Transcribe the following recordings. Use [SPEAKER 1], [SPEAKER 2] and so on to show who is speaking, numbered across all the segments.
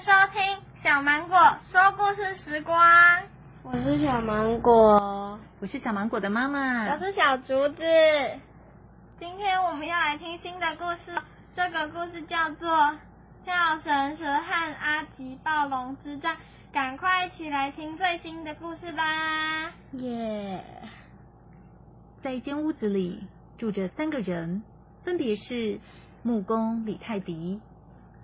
[SPEAKER 1] 收聽，聽小芒果說故事時光，
[SPEAKER 2] 我是小芒果，我是小芒果的媽媽，我是
[SPEAKER 1] 小竹子。今天我們要來聽新的故事，這個故事叫做《跳繩蛇和阿棘暴龍之戰》，趕快一起來聽最新的故事吧！
[SPEAKER 2] 耶 Yeah！在一間屋子裡住着三個人，分別是木工李泰迪。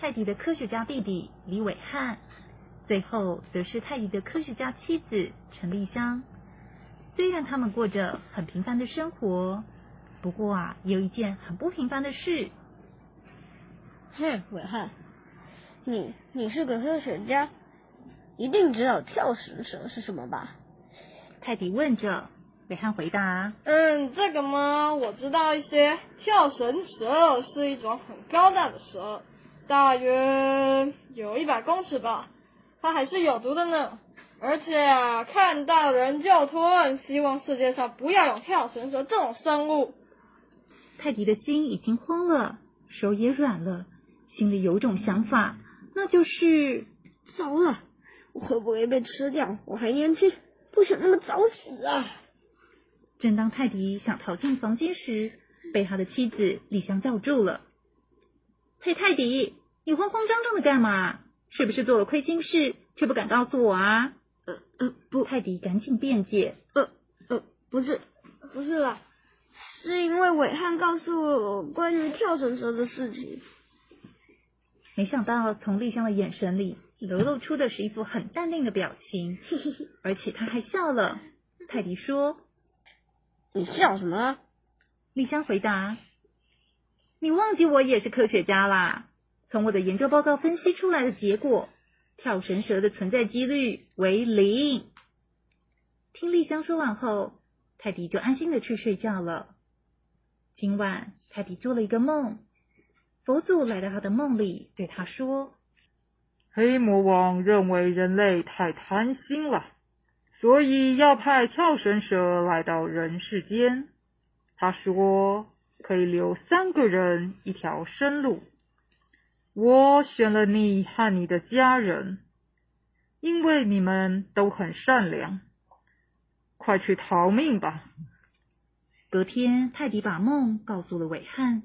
[SPEAKER 2] 泰迪的科學家弟弟李偉漢，最後則是泰迪的科學家妻子陳麗香。雖然他們過着很平凡的生活，不過
[SPEAKER 1] 啊，有一件很不平凡的事。哼、嗯，偉漢，你你是個科學家，一定知道跳繩蛇是什麼吧？
[SPEAKER 2] 泰迪問着，偉漢回答：“
[SPEAKER 1] 嗯，這個嘛？我知道一些，跳繩蛇是一種很高大的蛇。”大約有一百公尺吧，它還是有毒的呢，而且啊，看到人就吞。希望世界上不要有跳繩蛇這種生物。
[SPEAKER 2] 泰迪的心已經慌了，手也軟了，心裡有種想法，那就是：糟了，我會不會被吃掉？我還年輕，不想那麼早死啊！正當泰迪想逃進房間時，被他的妻子李湘叫住了。嘿泰迪，你慌慌張張的幹嘛？是不是做了虧心事，卻不敢告訴我啊？呃呃，不，泰迪
[SPEAKER 1] 趕緊辯解，呃呃，不是，不是啦，是因為偉漢告訴我關於跳繩蛇的事情。沒想到，
[SPEAKER 2] 從麗香的眼神裡流露出的是一副很淡定的表情， 而且他還笑了。泰迪說：“你笑什麼？”麗香回答。你忘記我也是科學家啦！從我的研究報告分析出來的結果，跳繩蛇的存在幾率為零。聽麗香說完後，泰迪就安心的去睡覺了。今晚泰迪做了一個夢，佛祖來到他的夢裡對他說：“黑魔王認為人類太貪心了，所以要派跳繩蛇來到人世間。”他說。可以留三個人一條生路，我選了你和你的家人，因為你們都很善良。快去逃命吧！隔天，泰迪把夢告訴了偉漢，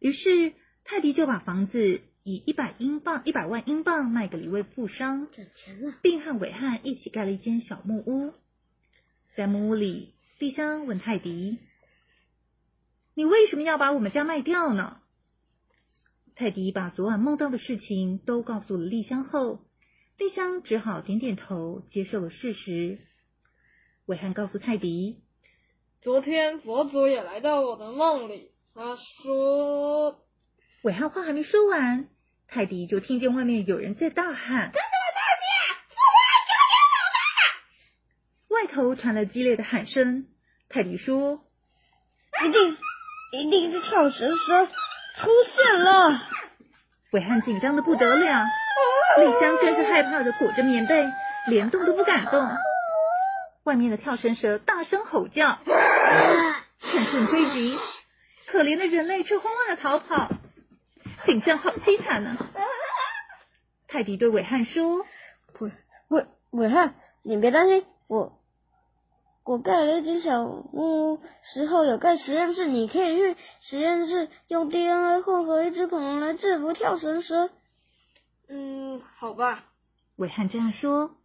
[SPEAKER 2] 於是泰迪就把房子以一百英鎊、一百萬英鎊賣給了一位富商，啊、並和偉漢一起蓋了一間小木屋。在木屋裡，麗香問泰迪。你為什麼要把我們家賣掉呢？泰迪把昨晚夢到的事情都告訴了麗香後，麗香只好點點頭，接受了事實。偉漢告訴泰迪：“
[SPEAKER 1] 昨天佛祖也來到我的夢裡，他說……”
[SPEAKER 2] 偉漢話還沒說完，泰迪就聽見外面有人在大喊：“幹
[SPEAKER 1] 什麼東西？破、啊、
[SPEAKER 2] 外頭傳來激烈的喊聲。泰迪說：“一定。啊”一定是跳繩蛇出現了，偉漢緊張的不得了，啊、麗香更是害怕的裹着棉被，連動都不敢動。外面的跳繩蛇大聲吼叫，
[SPEAKER 1] 趁
[SPEAKER 2] 勝、啊、追擊，可憐的人類卻慌亂的逃跑，景象好淒慘啊！
[SPEAKER 1] 啊泰迪對偉漢說：“不，偉偉漢，你別擔心，我。”我蓋了一間小木屋，屋，時候有蓋實驗室，你可以去實驗室用 DNA 混合一隻恐龍來制服跳繩蛇。嗯，好吧。
[SPEAKER 2] 偉漢這樣說，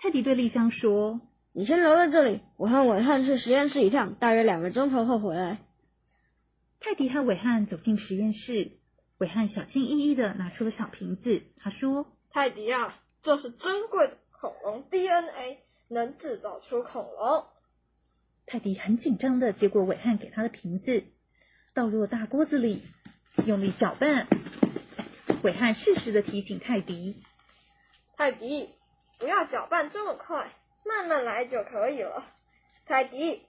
[SPEAKER 1] 泰迪對麗香說：“
[SPEAKER 2] 你先留在這裡，我和偉漢去實驗室一趟，大約兩個鐘頭後回來。”泰迪和偉漢走進實驗室，偉漢小心翼翼的拿出了小瓶子，他說：“
[SPEAKER 1] 泰迪啊，這是珍貴的恐龍 DNA，能制造出恐龍。”
[SPEAKER 2] 泰迪很緊張的接過偉漢給他的瓶子，倒入大鍋子裡，用力攪拌。偉漢適時的提醒泰迪：“
[SPEAKER 1] 泰迪，不要攪拌這麼快，慢慢來就可以了。泰迪，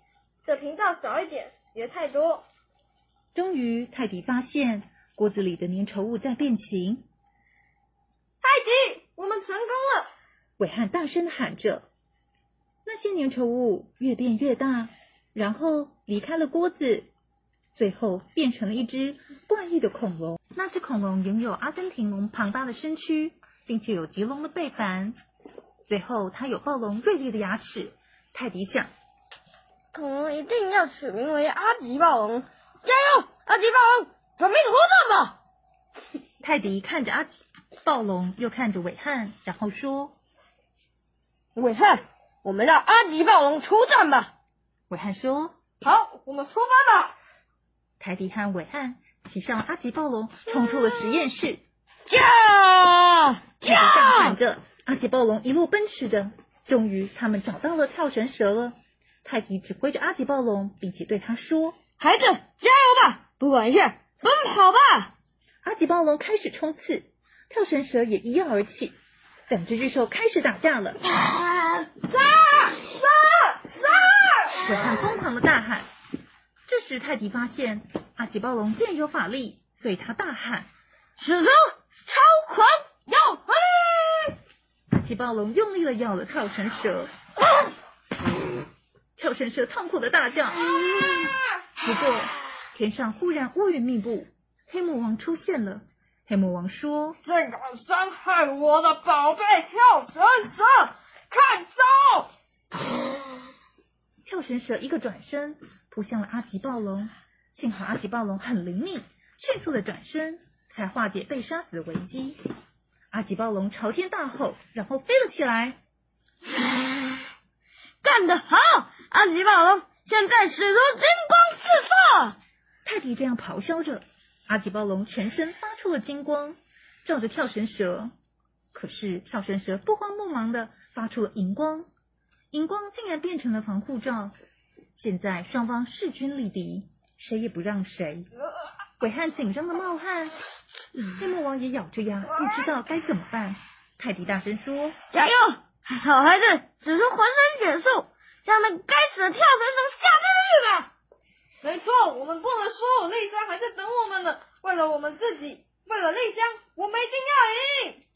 [SPEAKER 1] 這瓶倒少一點，別太多。”
[SPEAKER 2] 終於，泰迪發現鍋子裡的粘稠物在變形。
[SPEAKER 1] 泰迪，我們成功了！
[SPEAKER 2] 偉漢大聲喊着。那些粘稠物越變越大，然後離開了鍋子，最後變成了一隻怪異的恐龍。那隻恐龍擁有阿根廷龍龐大的身軀，並且有棘龍的背板。最後，它有暴龍銳利的牙齒。
[SPEAKER 1] 泰迪想，恐龍一定要取名為阿棘暴龍。加油，阿棘暴龍，準備作戰吧！泰迪看着阿棘暴
[SPEAKER 2] 龍，又看着偉漢，然後說：“偉漢。”我們讓阿棘暴龍出戰吧，偉漢說：“
[SPEAKER 1] 好，我們出發吧。”
[SPEAKER 2] 泰迪和偉漢騎上阿棘暴龍，衝出了實驗室，
[SPEAKER 1] 叫、呃，
[SPEAKER 2] 叫、呃，呃、大喊着。阿棘暴龍一路奔馳着，終於他們找到了跳繩蛇了。泰迪指揮着阿棘暴龍，並且對他說：“孩子，加油吧，不管一切，奔跑吧！”阿棘暴龍開始衝刺，跳繩蛇也一躍而起。等着巨獸開始打架了。呃
[SPEAKER 1] 殺殺殺！小胖瘋
[SPEAKER 2] 狂的大喊。這時，泰迪發現阿棘暴龍竟然有法力，對他大喊：“使出超狂有法力！”阿棘暴龍用力的咬了跳繩蛇。
[SPEAKER 1] 啊、
[SPEAKER 2] 跳繩蛇痛苦的
[SPEAKER 1] 大叫。不過，
[SPEAKER 2] 天上
[SPEAKER 1] 忽然烏雲密布，黑魔王出現了。黑魔王說：“竟敢傷害我的寶貝跳繩蛇！”看招！
[SPEAKER 2] 跳繩蛇一個轉身撲向了阿棘暴龍，幸好阿棘暴龍很靈敏，迅速的轉身才化解被殺死的危機。阿棘暴龍朝天大吼，然後飛了起來。
[SPEAKER 1] 幹得好，阿棘暴龍！現在使出金光四射！
[SPEAKER 2] 泰迪這樣咆哮着，阿棘暴龍全身發出了金光，照着跳繩蛇。可是跳繩蛇不慌不忙地發出了熒光，熒光竟然變成了防護罩。現在雙方勢均力敵，誰也不讓誰。鬼漢緊張地冒汗，黑、嗯、魔王也咬着牙，不知道該怎麼辦。泰迪大聲說：“
[SPEAKER 1] 加油，好孩子，使出渾身解數，讓那該死的跳繩蛇下地獄吧！”沒錯，我們不能輸，麗江還在等我們呢。為了我們自己，為了麗江，我們一定要贏！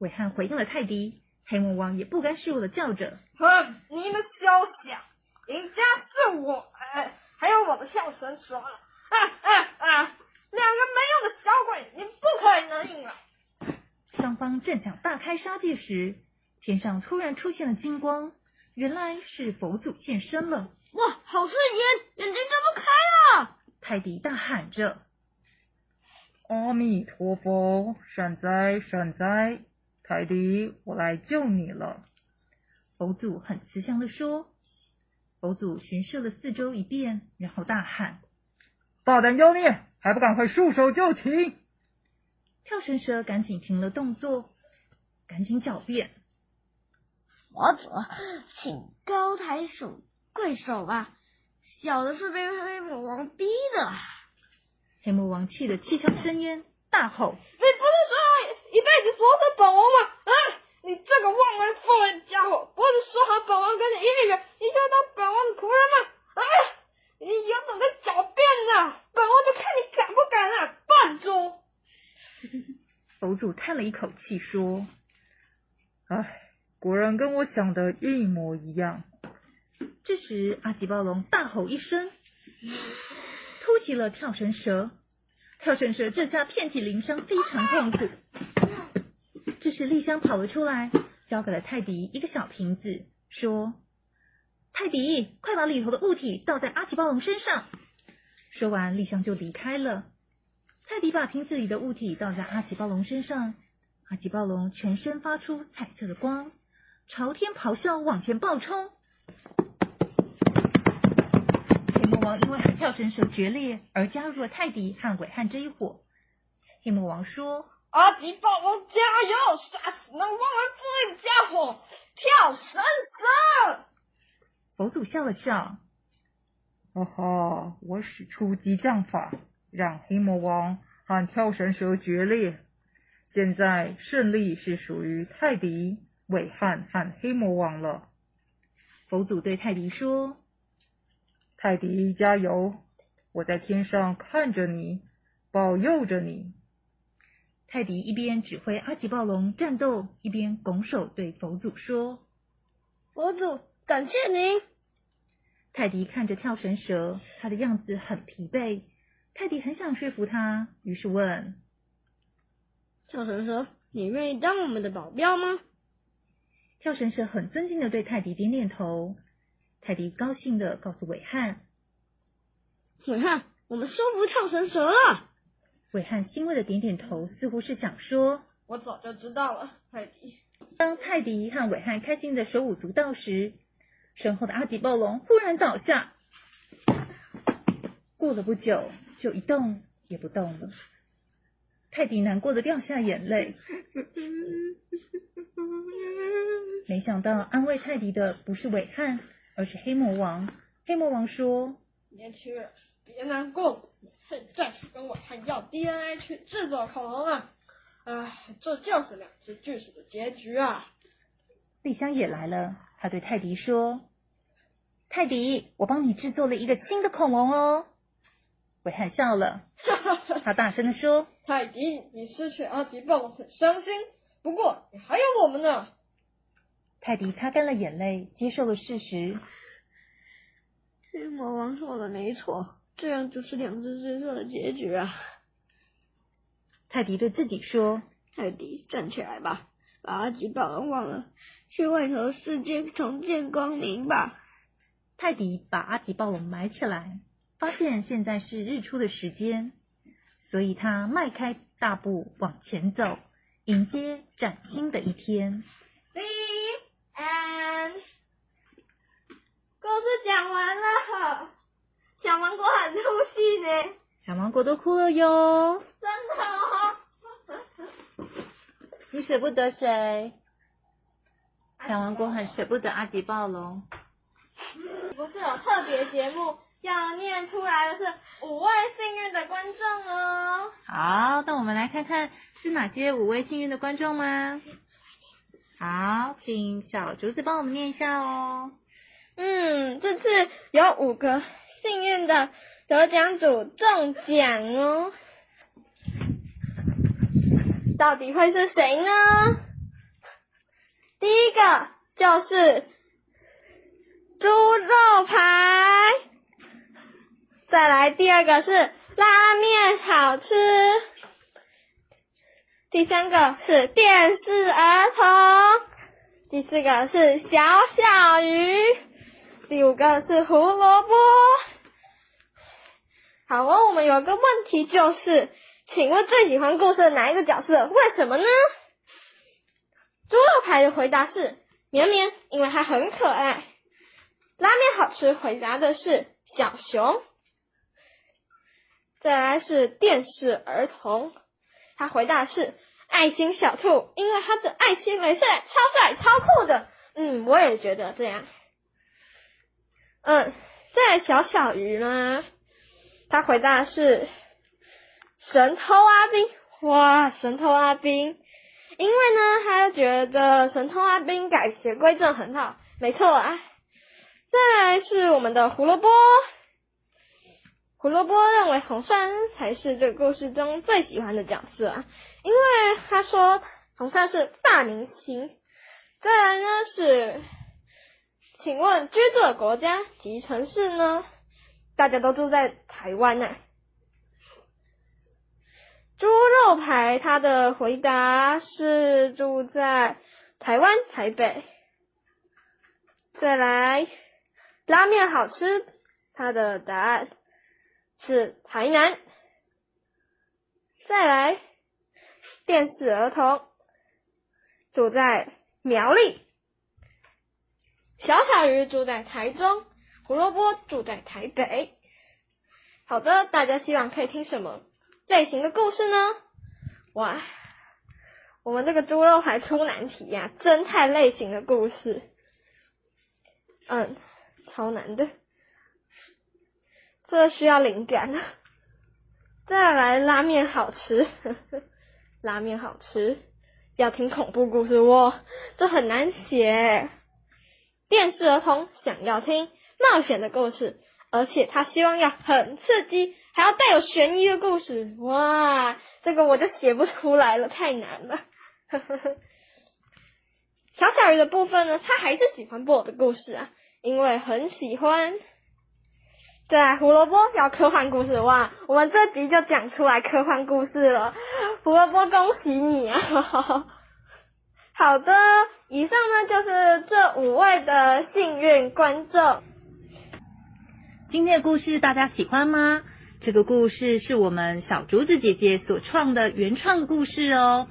[SPEAKER 2] 偉漢回應了泰迪，黑魔王也不甘示弱的叫着：“
[SPEAKER 1] 哼、啊，你們休想、啊，贏家是我、哎，還有我的降神爪！”哈啊啊！啊啊兩個沒用的小鬼，你們不可能贏了、啊。
[SPEAKER 2] 雙方正想大開殺戒時，天上突然出現了金光，原來是佛祖現身了。
[SPEAKER 1] 哇，好刺眼，眼睛睜不開了！
[SPEAKER 2] 泰迪大喊着：“阿彌陀佛，善哉善哉。”泰迪，我來救你了！佛祖很慈祥的說。佛祖巡視了四周一遍，然後大喊：“大膽妖孽，還不趕快束手就擒！”跳繩蛇趕緊停了動作，
[SPEAKER 1] 趕緊狡辯：“佛祖，請高抬手貴手吧，小的是被黑魔王逼的。”
[SPEAKER 2] 黑魔王氣得七竅生煙，大吼：“
[SPEAKER 1] 一輩子服侍本王嗎？啊！你這個忘恩負義的家伙，不是說好本王跟你一命你就當本王的僕人嗎？啊！你有本事狡辯呢，本王就看你敢不敢了，啊，笨豬！
[SPEAKER 2] 佛祖嘆了一口氣說：“唉，果然跟我想的一模一樣。”這時，阿棘暴龍大吼一聲，突襲了跳繩蛇。跳繩蛇這下遍體鱗傷，非常痛苦。這時，麗香跑了出來，交給了泰迪一個小瓶子，說：“泰迪，快把裡頭的物體倒在阿棘暴龍身上。”說完，麗香就離開了。泰迪把瓶子裡的物體倒在阿棘暴龍身上，阿棘暴龍全身發出彩色的光，朝天咆哮，往前暴衝。黑魔王因為和跳繩蛇決裂而加入了泰迪和韋漢這一夥。黑魔王說。
[SPEAKER 1] 阿棘暴龍，加油！殺死那忘恩負義的家伙！跳繩蛇，
[SPEAKER 2] 佛祖笑了笑，哈、哦、哈，我使出激將法，讓黑魔王和跳繩蛇決裂。現在勝利是屬於泰迪、偉漢和黑魔王了。佛祖對泰迪說：“泰迪，加油！我在天上看着你，保佑着你。”泰迪一邊指揮阿棘暴龍戰鬥，一邊拱手對佛祖說：“佛祖，感謝您。”泰迪看着跳繩蛇，他的樣子很疲憊。泰迪很想說服他，於是問：“跳繩蛇，你願意當我們的保鏢嗎？”跳繩蛇很尊敬的對泰迪點點頭。泰迪高興的告訴偉漢：“偉漢，我們收服跳繩蛇了。”偉漢欣慰的點點頭，似乎是想說：“
[SPEAKER 1] 我早就知道了，泰迪。”
[SPEAKER 2] 當泰迪和偉漢開心的手舞足蹈時，身後的阿棘暴龍忽然倒下，過了不久就一動也不動了。泰迪難過的掉下眼淚。 沒想到安慰泰迪的不是偉漢，而是黑魔王。黑魔王說：“
[SPEAKER 1] 吃。”別難過，你現在去跟我喊要 DNA 去製作恐龍啊。啊，這就是兩只巨獸的結局啊！
[SPEAKER 2] 麗香也來了，她對泰迪說：“泰迪，我幫你製作了一個新的恐龍哦。”維漢笑了， 他大聲的說：“
[SPEAKER 1] 泰迪，你失去阿棘暴龍，很傷心，不過你還有我們呢。”
[SPEAKER 2] 泰迪擦乾了眼淚，接受了事實。
[SPEAKER 1] 黑魔王說的沒錯。這樣就是兩隻身上的結局啊！泰迪對自己說：“泰迪，站起來吧，把阿棘暴龍忘了，去外頭世界重見光明吧。”
[SPEAKER 2] 泰迪把阿棘暴龍埋起來，發現現在是日出的時間，所以他邁開大步往前走，迎接嶄新的一天。
[SPEAKER 1] B and 故事講完了。
[SPEAKER 2] 小芒果很出戲呢。小芒果都哭了喲。
[SPEAKER 1] 真的
[SPEAKER 2] 哦？你捨不得誰？小芒果很捨不得阿棘暴龍。不是
[SPEAKER 1] 有特別節目要念出來的，是五位幸運的觀眾
[SPEAKER 2] 哦。好，那我們來看看是哪些五位幸運的觀眾嗎？
[SPEAKER 1] 好，請小竹子幫我們念一下哦。嗯，這次有五個。幸運的得獎組中獎哦！到底會是誰呢？第一個就是豬肉排，再來第二個是拉麵好吃，第三個是電視兒童，第四個是小小魚。第五個是胡蘿蔔。好哦，我們有個問題就是，請問最喜歡故事的哪一個角色？為什麼呢？豬肉排的回答是綿綿，因為它很可愛。拉麵好吃，回答的是小熊。再來是電視兒童，他回答的是愛心小兔，因為他的愛心沒事，超帥、超酷的。嗯，我也覺得這樣。嗯，在小小魚嗎？他回答是神偷阿兵，哇，神偷阿兵，因為呢，他覺得神偷阿兵改邪歸正很好，沒錯啊。再來是我們的胡蘿蔔，胡蘿蔔認為紅山才是這個故事中最喜歡的角色啊，因為他說紅山是大明星。再來呢是。請問居住的國家及城市呢？大家都住在台灣吶、啊。豬肉排，他的回答是住在台灣台北。再來，拉面好吃，他的答案是台南。再來，電視兒童住在苗栗。小小魚住在台中，胡蘿蔔住在台北。好的，大家希望可以聽什麼類型的故事呢？哇，我們這個豬肉還出難題呀、啊！偵探類型的故事，嗯，超難的，這個需要靈感啊。再來拉麵好吃呵呵，拉麵好吃。要聽恐怖故事喔，哦，這很難寫。電視兒童想要聽冒險的故事，而且他希望要很刺激，還要帶有懸疑的故事。哇，這個我就寫不出來了，太難了。 小小魚的部分呢，他還是喜歡不我的故事啊，因為很喜歡。對，胡蘿蔔要科幻故事，哇，我們這集就講出來科幻故事了。胡蘿蔔，恭喜你啊！ 好的。以上呢，就是這五位的幸運觀眾。
[SPEAKER 2] 今天的故事大家喜歡嗎？這個故事是我們小竹子姐姐所創的原創故事哦。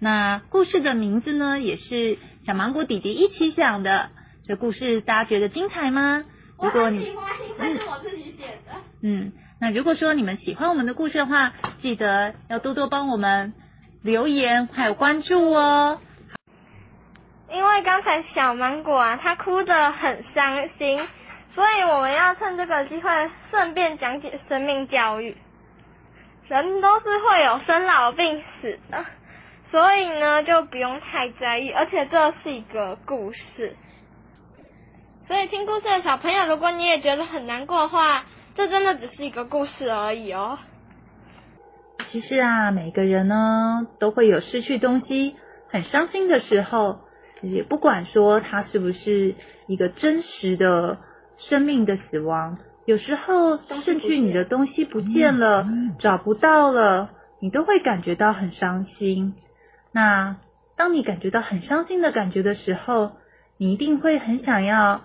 [SPEAKER 2] 那故事的名字呢，也是小芒果弟弟一起講的。這故事大家覺得精彩嗎？如果你我喜歡，這是我自
[SPEAKER 1] 己寫的。
[SPEAKER 2] 嗯，嗯，那如果說你們喜歡我們的故事的話，記得要多多幫我們留言還有關注哦。
[SPEAKER 1] 因為剛才小芒果啊，他哭得很傷心，所以我們要趁這個機會，順便講解生命教育。人都是會有生老病死的，所以呢，就不用太在意。而且這是一個故事，所以聽故事的小朋友，如果你也覺得很難過的話，這真的只是一個故事而已哦。
[SPEAKER 2] 其實啊，每個人呢，都會有失去東西、很傷心的時候。也不管說它是不是一個真實的生命的死亡，有時候甚至你的東西不見了，找不到了，你都會感覺到很傷心。那當你感覺到很傷心的感覺的時候，你一定會很想要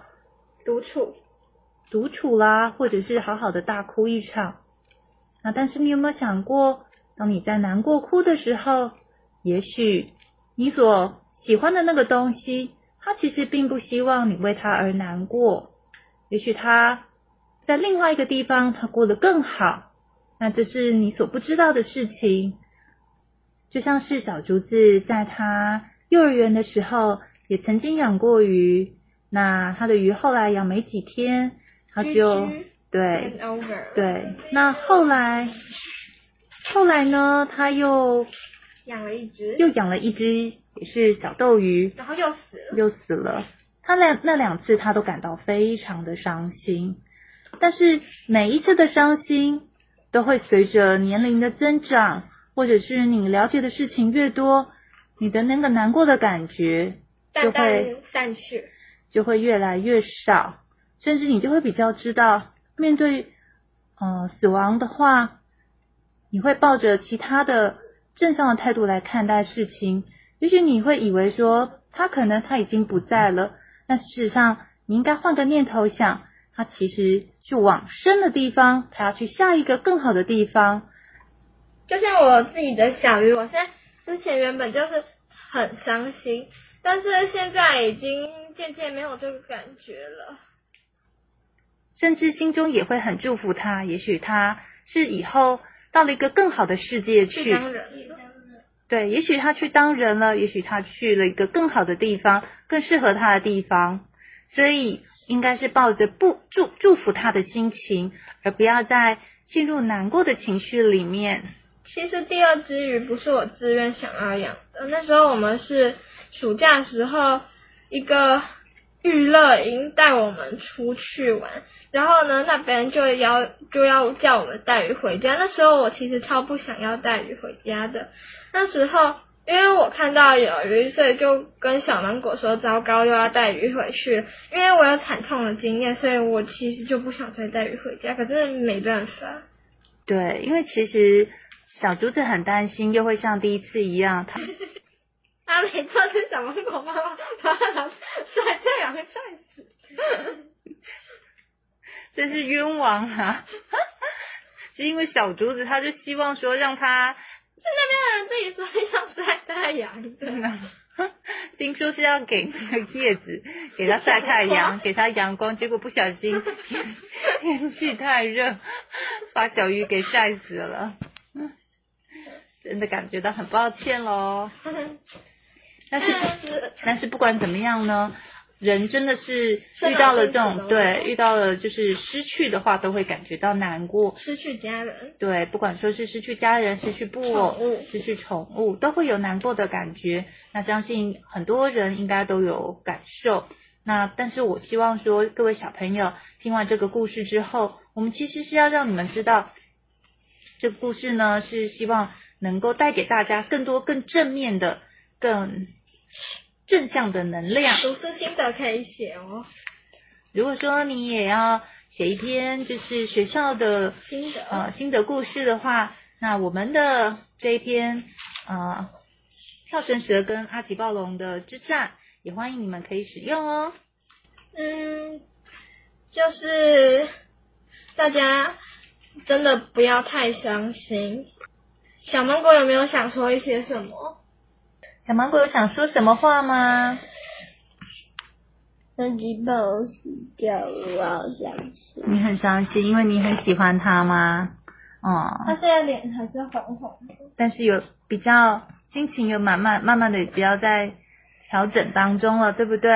[SPEAKER 2] 獨處，獨處啦，或者是好好的大哭一場。那但是你有沒有想過，當你在難過哭的時候，也許你所喜歡的那個東西，他其實並不希望你為他而難過。也許他在另外一個地方，他過得更好。那這是你所不知道的事情。就像是小竹子在他幼兒園的時候，也曾經養過魚。那他的魚後來養沒幾天，他就對，對，那後來，後來呢，他又
[SPEAKER 1] 養了一隻，又養了一
[SPEAKER 2] 隻。也是小鬥魚，
[SPEAKER 1] 然
[SPEAKER 2] 後又死了，又死了。他那那兩次，他都感到非常的傷心。但是每一次的傷心，都會隨着年齡的增長，或者是你了解的事情越多，你的那個難過的感覺就會散去，就會越來越少。甚至你就會比較知道，面對嗯、呃、死亡的話，你會抱着其他的正向的態度來看待事情。也許你會以為說他可能他已經不在了，但事實上你應該換個念頭想，他其實就往生的地方，他要去下一個更好的地方。
[SPEAKER 1] 就像我自己的小魚，我現在之前原本就是很傷心，但是現在已經漸漸沒有這個感覺了，
[SPEAKER 2] 甚至心中也會很祝福他。也許他是以後到了一個更好的世界去。對，也許他去當人了，也許他去了一個更好的地方，更適合他的地方。所以應該是抱着不祝祝祝福他的心情，而不要再陷入難過的情緒裡面。
[SPEAKER 1] 其實第二只魚不是我自願想要養的，那時候我們是暑假的時候一個娛樂營帶我們出去玩，然後呢，那邊就要就要叫我們帶魚回家。那時候我其實超不想要帶魚回家的。那時候，因為我看到有魚，所以就跟小芒果說：“糟糕，又要帶魚回去。”因為我有慘痛的經驗，所以我其實就不想再帶魚回家。可是沒辦法。
[SPEAKER 2] 對，因為其實小竹子很擔心，又會像第一次一樣。他 、
[SPEAKER 1] 啊、沒錯，是小芒果媽媽把他曬太陽曬
[SPEAKER 2] 死，真 是冤枉啊！ 是因為小竹子，他就希望說讓他。是那邊的人自己說要曬太陽，真的、嗯啊。聽說是要給那個葉子給它曬太陽，給它陽光，結果不小心天氣太熱，把小魚給曬死了。真的感覺到很抱歉嘍。
[SPEAKER 1] 但是，
[SPEAKER 2] 但是不管怎麼樣呢？人真的是遇到了這種生了生死的哦，對，遇到了就是失去的話，都會感覺到難過。
[SPEAKER 1] 失去家人，
[SPEAKER 2] 對，不管說是失去家人、失去布偶、寵物、失去寵物，都會有難過的感覺。那相信很多人應該都有感受。那但是我希望說，各位小朋友聽完這個故事之後，我們其實是要讓你們知道，這個故事呢是希望能夠帶給大家更多更正面的、更。正向的能量，讀
[SPEAKER 1] 書心得可以寫哦。
[SPEAKER 2] 如果說你也要寫一篇，就是學校的，
[SPEAKER 1] 心得，
[SPEAKER 2] 呃，心得故事的話，那我們的這一篇，呃，跳繩蛇跟阿棘暴龍的之戰，也歡迎你們可以使用哦。嗯，
[SPEAKER 1] 就是大家真的不要太傷心。小芒果有沒有想說一些什麼？小芒果有想說
[SPEAKER 2] 什麼話嗎？
[SPEAKER 1] 三級棒，我洗掉了，我好傷
[SPEAKER 2] 心。你很傷心，因為你很喜歡他嗎？哦、嗯。他現在臉還是紅紅的。但是有比較心情有慢慢慢慢的，也只要在調整當中了，對不對？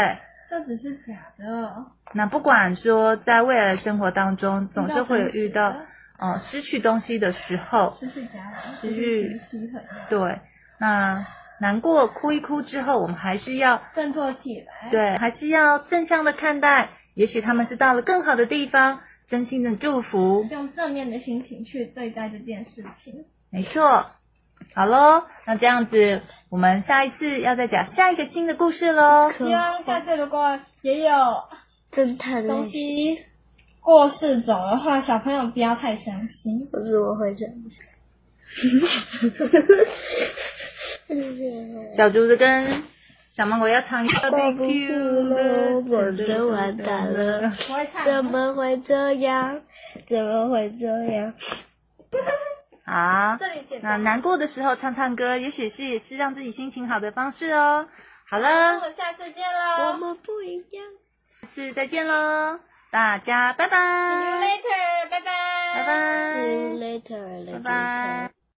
[SPEAKER 2] 這只
[SPEAKER 1] 是假
[SPEAKER 2] 的、哦。那不管說在未來的生活當中，總是會有遇到哦、嗯、失去東西的時候，
[SPEAKER 1] 失去假的，失去慾
[SPEAKER 2] 對那。難過，哭一哭之後，我們還是要振作起來。對，還是要正向的看待。也許他們是到了更好的地方，真心的祝福，用
[SPEAKER 1] 正
[SPEAKER 2] 面的心情去對待這件事情。沒錯，好嘍，那這樣子，我們下一次要再講
[SPEAKER 1] 下一個新的故事嘍。希望下次如果也有正太的東西過世走的話，小朋友不要太傷心。不是，我會傷心。 小竹子跟
[SPEAKER 2] 小芒果要唱一個，我不了，我都完蛋了，了，怎麼會這樣？怎麼會這樣？好，那難過的時候唱唱歌，也許是也是讓自己心情好的方式哦。好了，我們
[SPEAKER 1] 下次見嘍。我們不一樣。
[SPEAKER 2] 下次再見嘍，
[SPEAKER 1] 大家拜拜。拜拜。拜拜拜。